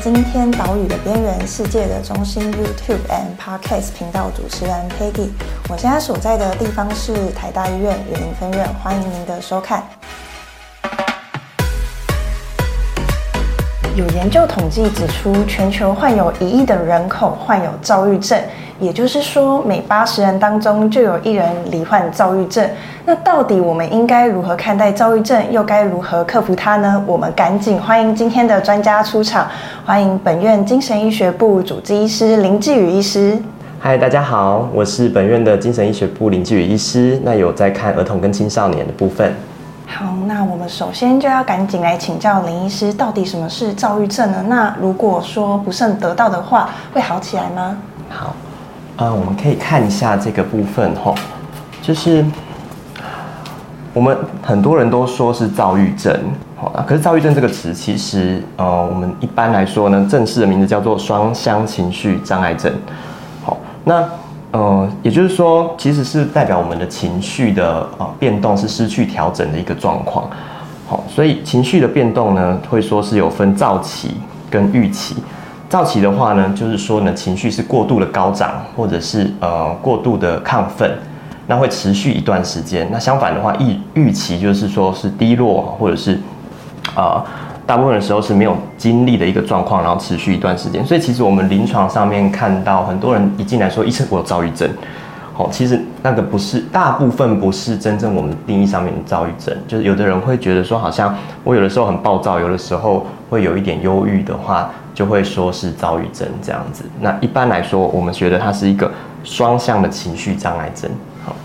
今天島嶼的邊緣，世界的中心。YouTube and Podcast 頻道主持人 Peggy，我現在所在的地方是台大醫院雲林分院，歡迎您的收看。有研究統計指出，全球患有一億的人口患有躁鬱症，也就是說，每八十人當中就有一人罹患躁鬱症。那到底我們應該如何看待躁鬱症，又該如何克服它呢？我們趕緊歡迎今天的專家出場，歡迎本院精神醫學部主治醫師林繼宇醫師。嗨，大家好，我是本院的精神醫學部林繼宇醫師，那有在看兒童跟青少年的部分。好，那我們首先就要趕緊來請教林醫師，到底什麼是躁鬱症呢？那如果說不慎得到的話，會好起來嗎？好，呃，我們可以看一下這個部分吼、哦，就是我們很多人都說是躁鬱症，好、哦，可是躁鬱症這個詞，其實呃，我們一般來說呢，正式的名字叫做雙相情緒障礙症，好、哦，那。嗯、呃，也就是說，其實是代表我們的情緒的啊、呃、變動是失去調整的一個狀況，好、哦，所以情緒的變動呢，會說是有分躁期跟鬱期。躁期的話呢，就是說呢，情緒是過度的高漲，或者是呃過度的亢奮，那會持續一段時間。那相反的話，鬱鬱期就是說是低落，或者是啊，呃大部分的時候是沒有精力的一個狀況，然後持續一段時間。所以其實我們臨床上面看到很多人一進來說醫生我有躁鬱症，好，其實那個不是大部分不是真正我們定義上面的躁鬱症，就是有的人會覺得說好像我有的時候很暴躁，有的時候會有一點憂鬱的話，就會說是躁鬱症這樣子。那一般來說，我們覺得它是一個雙向的情緒障礙症。好，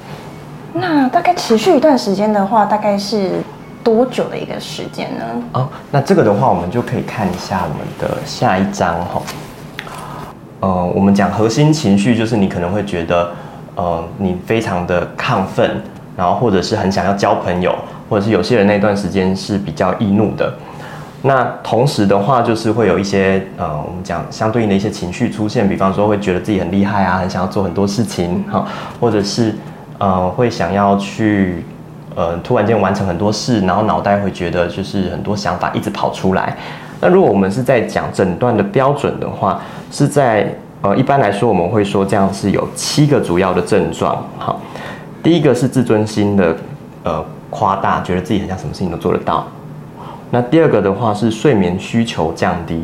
那大概持續一段時間的話，大概是。多久的一個時間呢？哦，那這個的話，我們就可以看一下我們的下一章哈、哦。呃，我們講核心情緒，就是你可能會覺得，呃，你非常的亢奮，然後或者是很想要交朋友，或者是有些人那段時間是比較易怒的。那同時的話，就是會有一些呃，我們講相對應的一些情緒出現，比方說會覺得自己很厲害啊，很想要做很多事情哈、哦，或者是呃會想要去。呃，突然間完成很多事，然後腦袋會覺得就是很多想法一直跑出來。那如果我們是在講診斷的標準的話，是在呃一般來說我們會說這樣是有七個主要的症狀。好，第一個是自尊心的呃誇大，覺得自己好像什麼事情都做得到。那第二個的話是睡眠需求降低。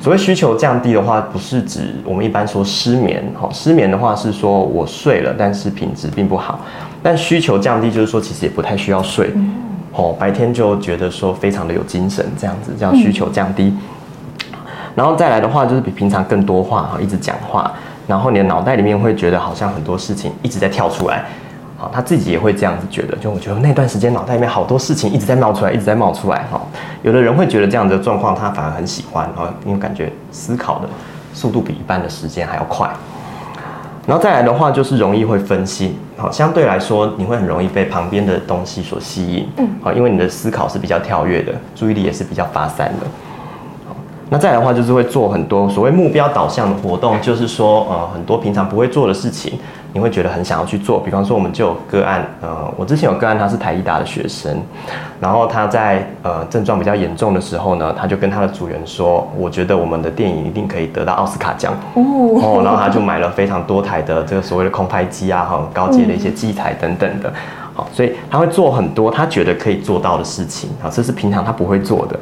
所謂需求降低的話，不是指我們一般說失眠。哈、哦，失眠的話是說我睡了，但是品質並不好。但需求降低，就是說其實也不太需要睡，哦、嗯喔，白天就覺得說非常的有精神這，這樣子叫需求降低。然後再來的話，就是比平常更多話哈、喔，一直講話，然後你的腦袋裡面會覺得好像很多事情一直在跳出來，好、喔，他自己也會這樣子覺得。就我覺得那段時間腦袋裡面好多事情一直在冒出來，一直在冒出來哈、喔。有的人會覺得這樣的狀況他反而很喜歡，哦、喔，因為感覺思考的速度比一般的時間還要快。然後再來的話，就是容易會分心，好，相對來說你會很容易被旁邊的東西所吸引，嗯，好，因為你的思考是比較跳躍的，注意力也是比較發散的。好，那再來的話，就是會做很多所謂目標導向的活動，就是說，呃，很多平常不會做的事情。你會覺得很想要去做，比方說我們就有個案，呃，我之前有個案，他是台藝大的學生，然後他在呃症狀比較嚴重的時候呢，他就跟他的主人說，我覺得我們的電影一定可以得到奧斯卡獎、嗯、哦，然後他就買了非常多台的這個所謂的空拍機啊，很高級的一些器材等等的，好、嗯，所以他會做很多他覺得可以做到的事情啊，這是平常他不會做的。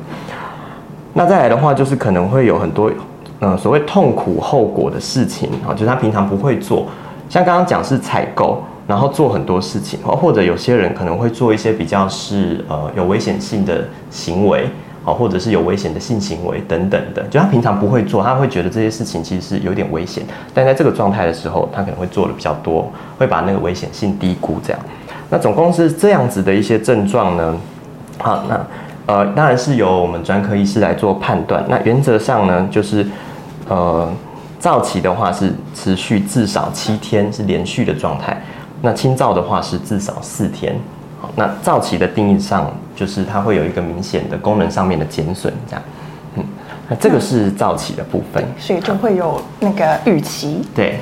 那再來的話就是可能會有很多，嗯、呃，所謂痛苦後果的事情啊，就是他平常不會做。像剛剛講是採購，然後做很多事情，哦，或者有些人可能會做一些比較是呃有危險性的行為，哦、呃，或者是有危險的性行為等等的，就他平常不會做，他會覺得這些事情其實有點危險，但在這個狀態的時候，他可能會做的比較多，會把那個危險性低估這樣。那總共是這樣子的一些症狀呢，好、啊，那呃當然是由我們專科醫師來做判斷。那原則上呢，就是呃。躁期的話是持續至少七天，是連續的狀態。那輕躁的話是至少四天。好，那躁期的定義上就是它會有一個明顯的功能上面的減損，這樣。嗯，那這個是躁期的部分、嗯。所以就會有那個鬱期。對。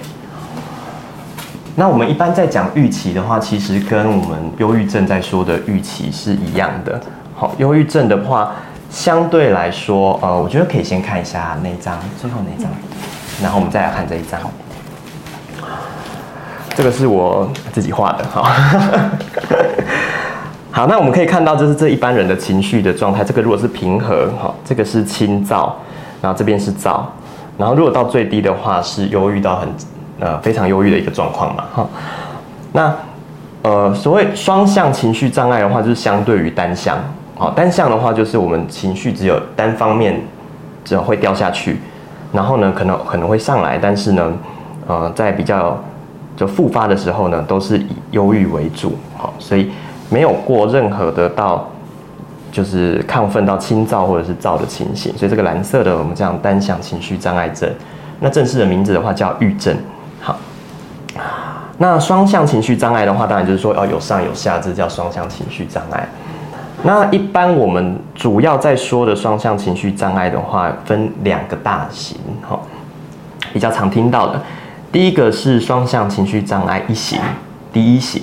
那我們一般在講鬱期的話，其實跟我們憂鬱症在說的鬱期是一樣的。好，憂鬱症的話，相對來說，呃，我覺得可以先看一下那張最後那張。嗯然後我們再來看這一張，這個是我自己畫的，好， 好，那我們可以看到，就是這一般人的情緒的狀態。這個如果是平和，哈，這個是輕躁，然後這邊是躁，然後如果到最低的話，是憂鬱到很呃非常憂鬱的一個狀況嘛，哈。那呃，所謂雙向情緒障礙的話，就是相對於單向，好，單向的話就是我們情緒只有單方面只會掉下去。然後呢，可能可能會上來，但是呢，呃，在比較就復發的時候呢，都是以憂鬱為主，好，所以沒有過任何的到就是亢奮到輕躁或者是躁的情形，所以這個藍色的我們叫單向情緒障礙症，那正式的名字的話叫鬱症，好，那雙向情緒障礙的話，當然就是說要、哦、有上有下，這叫雙向情緒障礙。那一般我們主要在說的雙向情緒障礙的話，分兩個大型哈，比較常聽到的，第一個是雙向情緒障礙一型，第一型，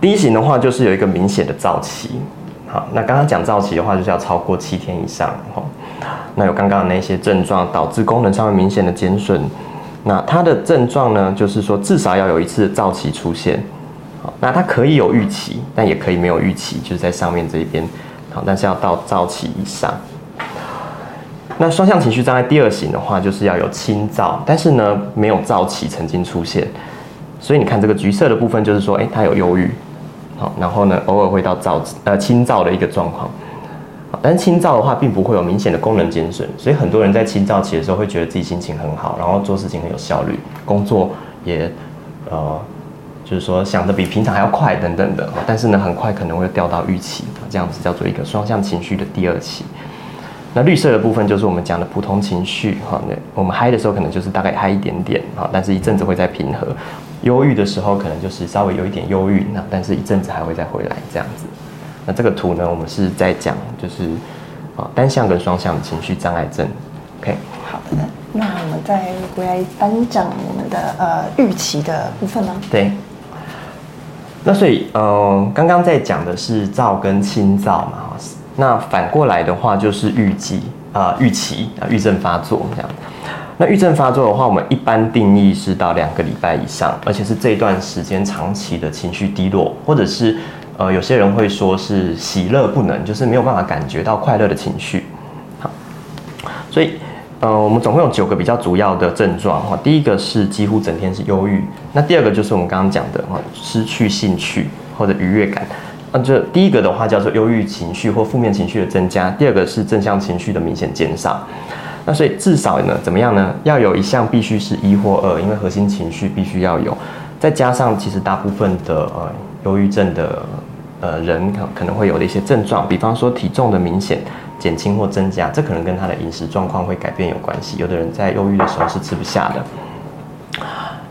第一型的話就是有一個明顯的躁期，好，那剛剛講躁期的話就是要超過七天以上哈，那有剛剛的那些症狀，導致功能上面明顯的減損，那它的症狀呢就是說至少要有一次的躁期出現。好，那它可以有鬱期，但也可以沒有鬱期，就是在上面這一邊。好，但是要到躁期以上。那雙向情緒障礙第二型的話，就是要有輕躁，但是呢，沒有躁期曾經出現。所以你看這個橘色的部分，就是說，誒、欸，它有憂鬱。好，然後呢，偶爾會到躁呃輕躁的一個狀況。好，但是輕躁的話，並不會有明顯的功能減損。所以很多人在輕躁期的時候，會覺得自己心情很好，然後做事情很有效率，工作也呃。就是說想的比平常還要快等等的，但是呢，很快可能會掉到預期這樣子，叫做一個雙向情緒的第二期。那綠色的部分就是我們講的普通情緒哈，那我們嗨的時候可能就是大概嗨一點點，但是一陣子會再平和。憂鬱的時候可能就是稍微有一點憂鬱，但是一陣子還會再回來，這樣子。那這個圖呢，我們是在講就是啊單向跟雙向情緒障礙症。OK，好的，那我們再回來單講我們的呃預期的部分嗎？對。那所以，嗯、呃，剛剛在講的是躁跟輕躁嘛，那反過來的話就是鬱期啊，鬱、呃、期啊，鬱症發作這樣。那鬱症發作的話，我們一般定義是到兩個禮拜以上，而且是這段時間長期的情緒低落，或者是，呃，有些人會說是喜樂不能，就是沒有辦法感覺到快樂的情緒，好。所以。呃，我們總共有九個比較主要的症狀哈。第一個是幾乎整天是憂鬱，那第二個就是我們剛剛講的哈，失去興趣或者愉悅感。那這第一個的話叫做憂鬱情緒或負面情緒的增加，第二個是正向情緒的明顯減少。那所以至少呢，怎麼樣呢？要有一項必須是一或二，因為核心情緒必須要有，再加上其實大部分的呃憂鬱症的呃人可可能會有的一些症狀，比方說體重的明顯。減輕或增加，這可能跟他的飲食狀況會改變有關係。有的人在憂鬱的時候是吃不下的，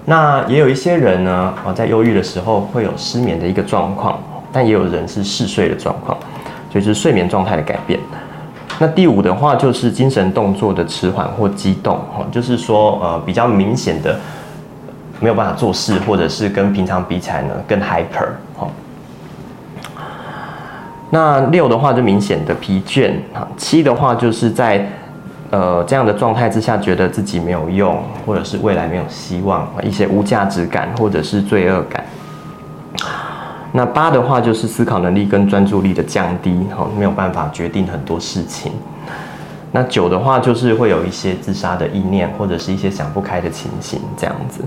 那也有一些人呢，啊，在憂鬱的時候會有失眠的一個狀況，但也有人是嗜睡的狀況，所以就是睡眠狀態的改變。那第五的話就是精神動作的遲緩或激動，哈，就是說呃比較明顯的沒有辦法做事，或者是跟平常比起來呢更 hyper，哈、哦。那六的話就明顯的疲倦，七的話就是在，呃這樣的狀態之下覺得自己沒有用，或者是未來沒有希望，一些無價值感或者是罪惡感。那八的話就是思考能力跟專注力的降低，哈，沒有辦法決定很多事情。那九的話就是會有一些自殺的意念，或者是一些想不開的情形這樣子。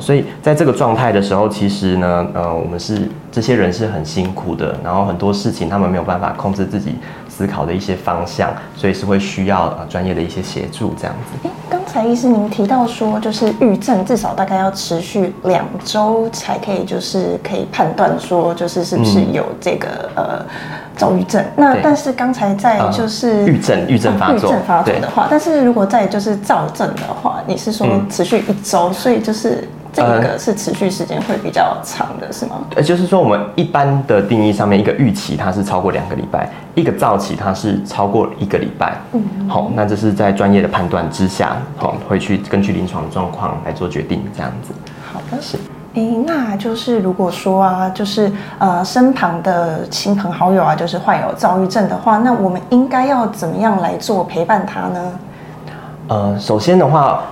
所以在這個狀態的時候，其實呢，呃，我們是這些人是很辛苦的，然後很多事情他們沒有辦法控制自己思考的一些方向，所以是會需要呃專業的一些協助這樣子。欸、剛才醫師您提到說，就是鬱症至少大概要持續兩周才可以，就是可以判斷說，就是是不是有這個、嗯、呃躁鬱症。那但是剛才在就是鬱症鬱症發作，鬱症、哦、發作的話，對但是如果在就是躁症的話，對你是說持續一周，嗯、所以就是。這個是持續時間會比較長的，是嗎？呃，就是說我們一般的定義上面，一個鬱期，它是超過兩個禮拜，一個躁期，它是超過一個禮拜。嗯，好、哦，那這是在專業的判斷之下，好對，會、哦、去根據臨床狀況來做決定，這樣子。好的，行是。哎，那就是如果說啊，就是呃，身旁的親朋好友啊，就是患有躁鬱症的話，那我們應該要怎麼樣來做陪伴他呢？呃，首先的話。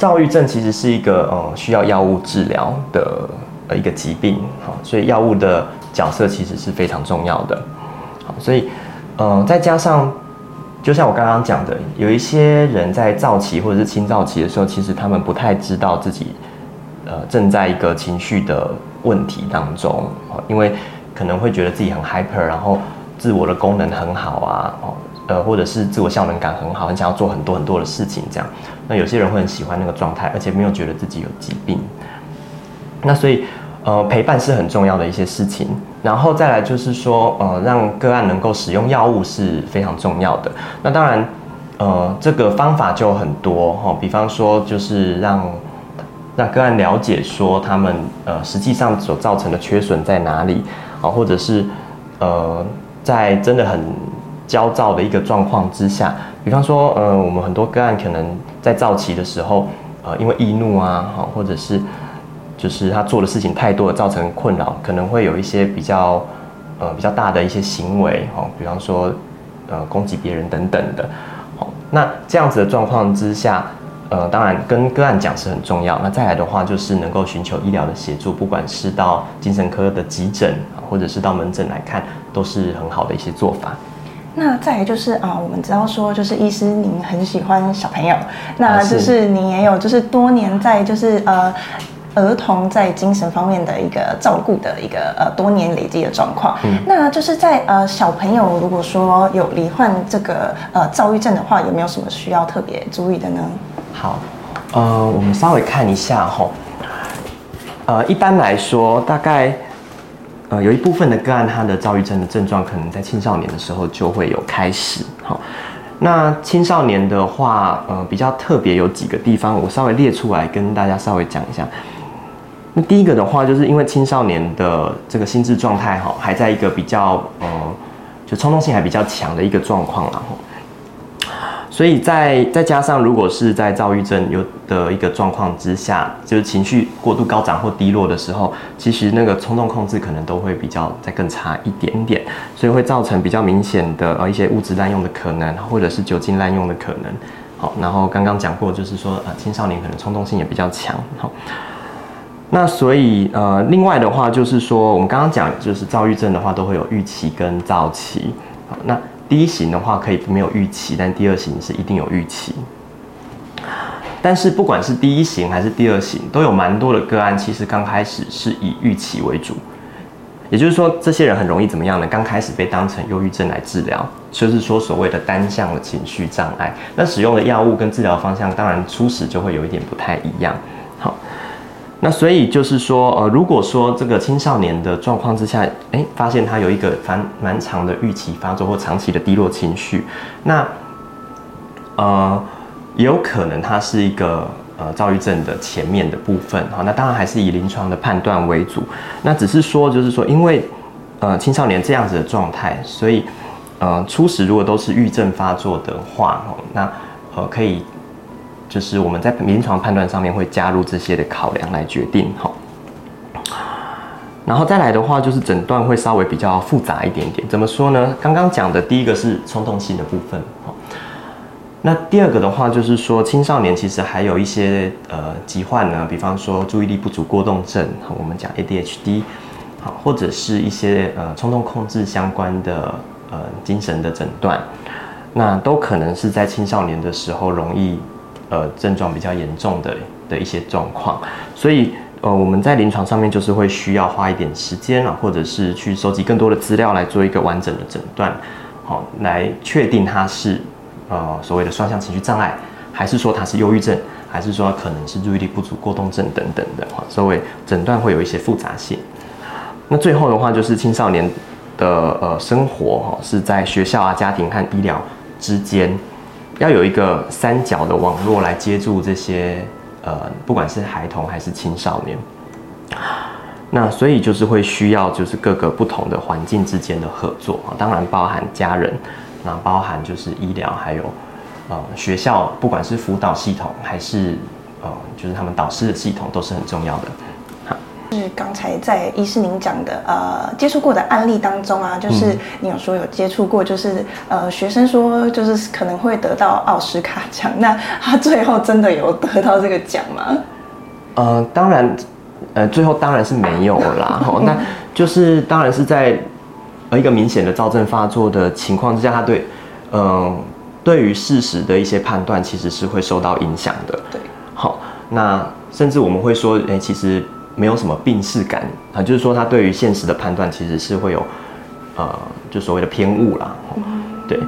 躁鬱症其實是一個呃，需要藥物治療的呃一個疾病，哦、所以藥物的角色其實是非常重要的，好、哦，所以、呃、再加上就像我剛剛講的，有一些人在躁期或者是輕躁期的時候，其實他們不太知道自己呃正在一個情緒的問題當中、哦，因為可能會覺得自己很 hyper，然後自我的功能很好啊。哦呃，或者是自我效能感很好，很想要做很多很多的事情，這樣，那有些人會很喜歡那個狀態，而且沒有覺得自己有疾病。那所以，呃，陪伴是很重要的一些事情。然後再來就是說，呃，讓個案能夠使用藥物是非常重要的。那當然，呃，這個方法就很多齁，比方說就是讓讓個案了解說他們呃實際上所造成的缺損在哪裡啊，或者是呃在真的很。焦躁的一個狀況之下，比方說，呃，我們很多個案可能在躁期的時候，呃，因為易怒啊，或者是就是他做的事情太多了，造成困擾，可能會有一些比較呃比較大的一些行為，哈、呃，比方說呃攻擊別人等等的，好、哦，那這樣子的狀況之下，呃，當然跟個案講是很重要，那再來的話就是能夠尋求醫療的協助，不管是到精神科的急診，或者是到門診來看，都是很好的一些做法。那再來就是啊，我們知道說就是醫師您很喜歡小朋友，啊、那就是您也有就是多年在就是，是呃兒童在精神方面的一個照顧的一個呃多年累積的狀況。嗯、那就是在呃小朋友如果說有罹患這個呃躁鬱症的話，有沒有什麼需要特別注意的呢？好，呃，我們稍微看一下吼、哦。呃，一般來說大概。呃，有一部分的個案，他的躁鬱症的症狀可能在青少年的時候就會有開始。哈，那青少年的話，呃，比較特別有幾個地方，我稍微列出來跟大家稍微講一下。那第一個的話，就是因為青少年的這個心智狀態，哈，還在一個比較，呃，就衝動性還比較強的一個狀況啦。所以再，在再加上，如果是在躁鬱症有的一個狀況之下，就是情緒過度高漲或低落的時候，其實那個衝動控制可能都會比較再更差一點點，所以會造成比較明顯的呃一些物質濫用的可能，或者是酒精濫用的可能。好，然後剛剛講過，就是說呃青少年可能衝動性也比較強。好，那所以呃另外的話，就是說我們剛剛講，就是躁鬱症的話，都會有鬱期跟躁期。好，那。第一型的話可以沒有鬱期，但第二型是一定有鬱期。但是不管是第一型還是第二型，都有蠻多的個案，其實剛開始是以鬱期為主，也就是說，這些人很容易怎麼樣呢？剛開始被當成憂鬱症來治療，就是說所謂的單向的情緒障礙。那使用的藥物跟治療方向，當然初始就會有一點不太一樣。那所以就是說，呃，如果說這個青少年的狀況之下，哎、欸，發現他有一個反蠻長的鬱期發作或長期的低落情緒，那，呃，也有可能他是一個呃躁鬱症的前面的部分哈、哦。那當然還是以臨床的判斷為主。那只是說，就是說，因為呃青少年這樣子的狀態，所以呃初始如果都是鬱症發作的話，哦，那呃可以。就是我們在臨床判斷上面會加入這些的考量，來決定哈，然後再來的話就是診斷會稍微比較複雜一點點，怎麼說呢？剛剛講的第一個是衝動性的部分，那第二個的話就是說青少年其實還有一些呃疾患呢，比方說注意力不足過動症，我們講 ADHD，或者是一些呃衝動控制相關的呃精神的診斷，那都可能是在青少年的時候容易。呃，症狀比較嚴重的的一些狀況，所以呃，我們在臨床上面就是會需要花一點時間啊，或者是去收集更多的資料來做一個完整的診斷，好，來確定他是呃所謂的雙向情緒障礙，還是說他是憂鬱症，還是說可能是注意力不足過動症等等的，哈，所以診斷會有一些複雜性。那最後的話就是青少年的呃生活哈是在學校啊、家庭和醫療之間。要有一個三角的網絡來接住這些，呃，不管是孩童，還是青少年，那所以就是會需要就是各個不同的環境之間的合作啊，當然包含家人，那包含就是醫療，還有呃學校，不管是輔導系統還是呃就是他們導師的系統，都是很重要的。就是剛才在醫師您講的，呃，接觸過的案例當中啊，就是你有說有接觸過，就是、嗯、呃，學生說就是可能會得到奧斯卡獎，那他最後真的有得到這個獎嗎？呃，當然，呃，最後當然是沒有啦。好，那就是當然是在一個明顯的躁症發作的情況之下，他對，嗯、呃，對於事實的一些判斷其實是會受到影響的。對，好，那甚至我們會說，哎，其實。沒有什麼病識感啊，就是說他對於現實的判斷其實是會有，呃，就所謂的偏誤啦。嗯、對，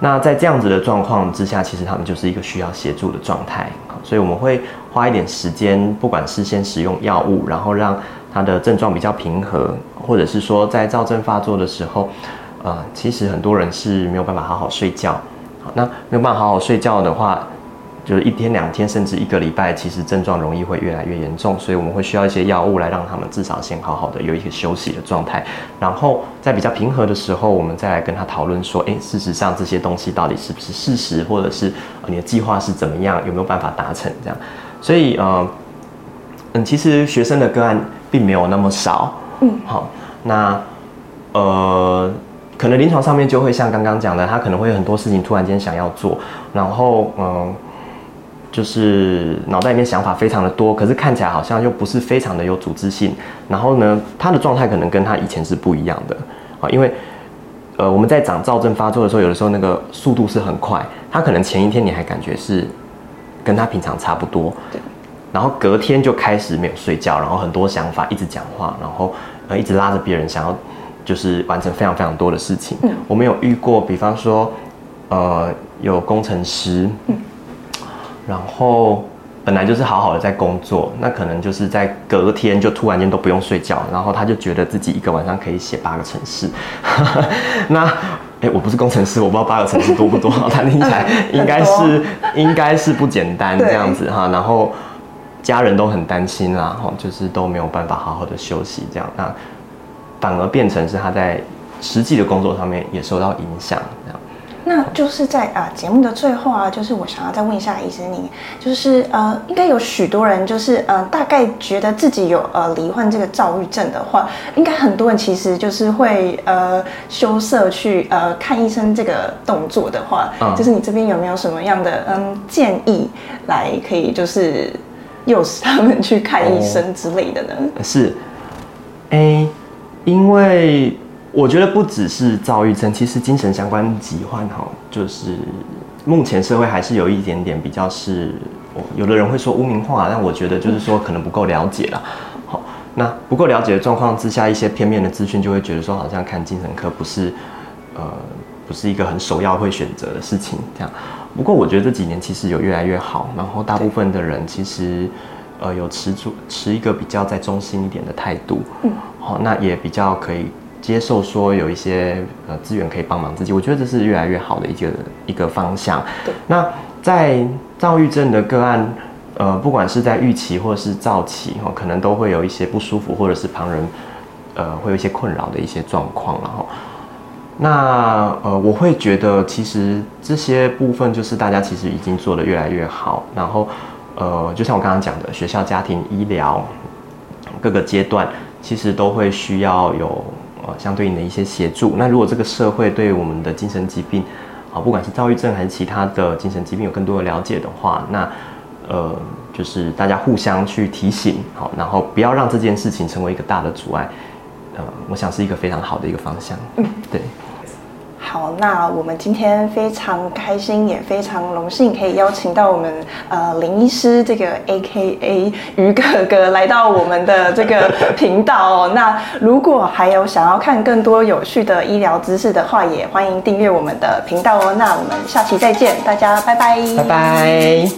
那在這樣子的狀況之下，其實他們就是一個需要協助的狀態。所以我們會花一點時間，不管是先使用藥物，然後讓他的症狀比較平和，或者是說在躁症發作的時候，啊、呃，其實很多人是沒有辦法好好睡覺。好，那沒有辦法好好睡覺的話。就是一天兩天，甚至一個禮拜，其實症狀容易會越來越嚴重，所以我們會需要一些藥物來讓他們至少先好好的有一個休息的狀態，然後在比較平和的時候，我們再來跟他討論說，誒，事實上這些東西到底是不是事實，或者是你的計劃是怎麼樣，有沒有辦法達成？這樣，所以，嗯、呃，嗯，其實學生的個案並沒有那麼少，嗯，好，那，呃，可能臨床上面就會像剛剛講的，他可能會有很多事情突然間想要做，然後，嗯、呃。就是腦袋裡面想法非常的多，可是看起來好像又不是非常的有組織性。然後呢，他的狀態可能跟他以前是不一樣的啊，因為呃，我們在長躁症發作的時候，有的時候那個速度是很快，他可能前一天你還感覺是跟他平常差不多，對然後隔天就開始沒有睡覺，然後很多想法一直講話，然後，呃，一直拉着別人想要就是完成非常非常多的事情。嗯，我們有遇過，比方說呃有工程師。嗯然後本來就是好好的在工作，那可能就是在隔天就突然間都不用睡覺，然後他就覺得自己一個晚上可以寫八個程式， 那哎我不是工程師，我不知道八個程式多不多， 他聽起來應該是多應該是不簡單這樣子哈，對然後家人都很擔心啦、啊，就是都沒有辦法好好的休息這樣，那反而變成是他在實際的工作上面也受到影響。那就是在啊呃、節目的最後啊，就是我想要再問一下醫生你，你就是呃，應該有許多人就是呃，大概覺得自己有呃罹患這個躁鬱症的話，應該很多人其實就是會呃羞澀去呃看醫生這個動作的話，嗯、就是你這邊有沒有什麼樣的嗯、呃、建議來可以就是誘使他們去看醫生之類的呢？哦、是，哎、欸，因為。我覺得不只是躁鬱症，其實精神相關疾患哈，就是目前社會還是有一點點比較是，有的人會說污名化，但我覺得就是說可能不夠了解了。好、嗯，那不夠了解的狀況之下，一些片面的資訊就會覺得說好像看精神科不是，呃，不是一個很首要會選擇的事情這樣。不過我覺得這幾年其實有越來越好，然後大部分的人其實，對呃，有持住持一個比較在中心一點的態度，嗯，好、哦，那也比較可以。接受說，有一些呃，資源可以幫忙自己，我覺得這是越來越好的一個一個方向。對，那在躁鬱症的個案，呃，不管是在鬱期或者是躁期，哈，可能都會有一些不舒服，或者是旁人呃，會有一些困擾的一些狀況，然後，那呃，我會覺得其實這些部分就是大家其實已經做得越來越好。然後，呃，就像我剛剛講的，學校、家庭、醫療各個階段，其實都會需要有。呃，相對應的一些協助。那如果這個社會對我們的精神疾病，好，不管是躁鬱症還是其他的精神疾病，有更多的了解的話，那呃，就是大家互相去提醒，好，然後不要讓這件事情成為一個大的阻礙，呃，我想是一個非常好的一個方向，嗯，對。好，那我們今天非常開心，也非常榮幸，可以邀請到我們呃林醫師這個 AKA 魚葛格來到我們的這個頻道哦。 那如果還有想要看更多有趣的醫療知識的話，也歡迎訂閱我們的頻道哦。那我們下期再見，大家拜拜，拜拜。